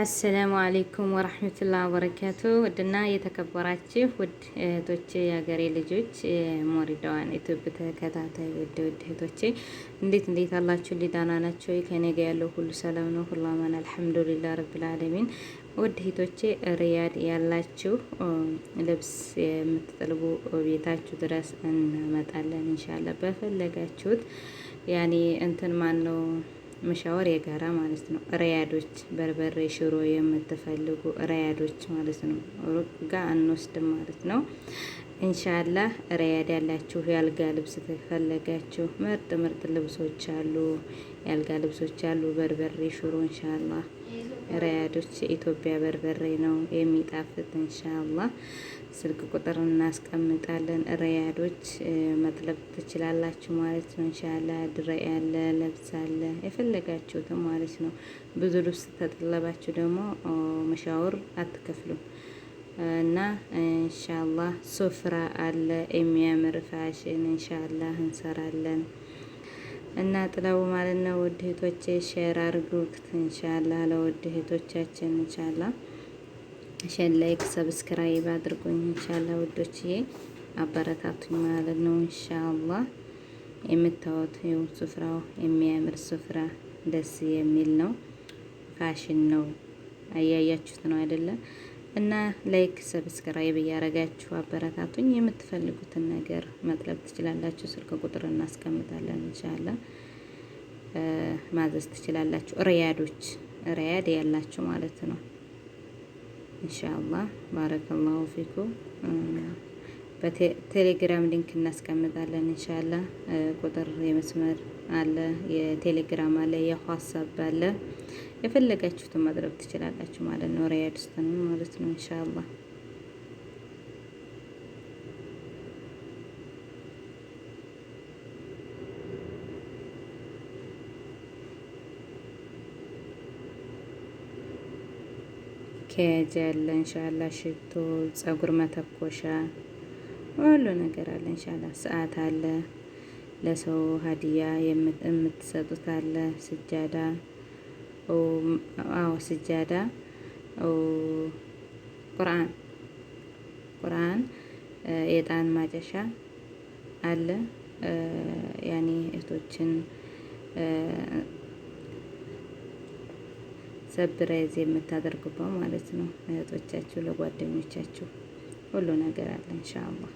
አሰላሙ አሌይኩም ወራህመቱላህ ወበረካቱ። ውድና የተከበራችሁ ውድ እህቶቼ የሀገሬ ልጆች ሞሪዳዋን ኢትዮጵ ተከታታይ ውድ ውድ እህቶቼ እንዴት እንዴት አላችሁ? ሊዳና ናቸው ከኔ ጋ ያለው ሁሉ ሰላም ነው፣ ሁሉ አማን አልሐምዱሊላህ ረብል አለሚን። ውድ እህቶቼ ሪያድ ያላችሁ ልብስ የምትጠልቡ ቤታችሁ ድረስ እናመጣለን ኢንሻአላህ በፈለጋችሁት ያኔ እንትን ማን ነው መሻወር የጋራ ማለት ነው። ሪያዶች በርበሬ ሽሮ የምትፈልጉ ሪያዶች ማለት ነው። ሩቅ ጋር አንወስድም ማለት ነው። እንሻላ ሪያድ ያላችሁ የአልጋ ልብስ ተፈለጋችሁ ምርጥ ምርጥ ልብሶች አሉ። የአልጋ ልብሶች አሉ። በርበሬ ሽሮ እንሻላ ሪያዶች የኢትዮጵያ በርበሬ ነው የሚጣፍጥ እንሻላ ስልክ ቁጥር እናስቀምጣለን። ሪያዶች መጥለብ ትችላላችሁ ማለት ነው እንሻላ ድረ ያለ ለብስ አለ የፈለጋችሁትም ማለት ነው። ብዙ ልብስ ተጠለባችሁ ደግሞ መሻወር አትከፍሉም። እና ኢንሻአላህ ሱፍራ አለ የሚያምር ፋሽን ኢንሻአላህ እንሰራለን እና ጥላው ማለት ነው። ውድ እህቶቼ ሼር አድርጉት ኢንሻአላህ ለውድ እህቶቻችን ኢንሻአላህ ሼር፣ ላይክ፣ ሰብስክራይብ አድርጉኝ ኢንሻአላህ ውዶችዬ አበረታቱኝ ማለት ነው ኢንሻአላህ የምታዩት ይኸው ሱፍራው የሚያምር ሱፍራ ደስ የሚል ነው። ፋሽን ነው። አያያችሁት ነው አይደለም? እና ላይክ ሰብስክራይብ እያረጋችሁ አበረታቱኝ። የምትፈልጉትን ነገር መጥለብ ትችላላችሁ። ስልክ ቁጥር እናስቀምጣለን። እንሻላ ማዘዝ ትችላላችሁ። ሪያዶች ሪያድ ያላችሁ ማለት ነው። እንሻአላህ ባረከላሁ ፊኩም በቴሌግራም ሊንክ እናስቀምጣለን። እንሻላ ቁጥር የመስመር አለ፣ የቴሌግራም አለ፣ የዋትሳፕ አለ። የፈለጋችሁትን ማድረግ ትችላላችሁ ማለት ነው። ሪያድ ውስጥ ነው ማለት ነው። እንሻላ ከያጅ ያለ እንሻላ ሽቶ፣ ጸጉር መተኮሻ ሁሉ ነገር አለ። እንሻላ ሰዓት አለ፣ ለሰው ሀዲያ የምትሰጡት አለ። ስጃዳ አዎ፣ ስጃዳ ቁርአን ቁርአን የእጣን ማጨሻ አለ። ያኔ እህቶችን ሰብራይዝ የምታደርጉበት ማለት ነው። እህቶቻችሁ ለጓደኞቻችሁ ሁሉ ነገር አለ ኢንሻአላህ።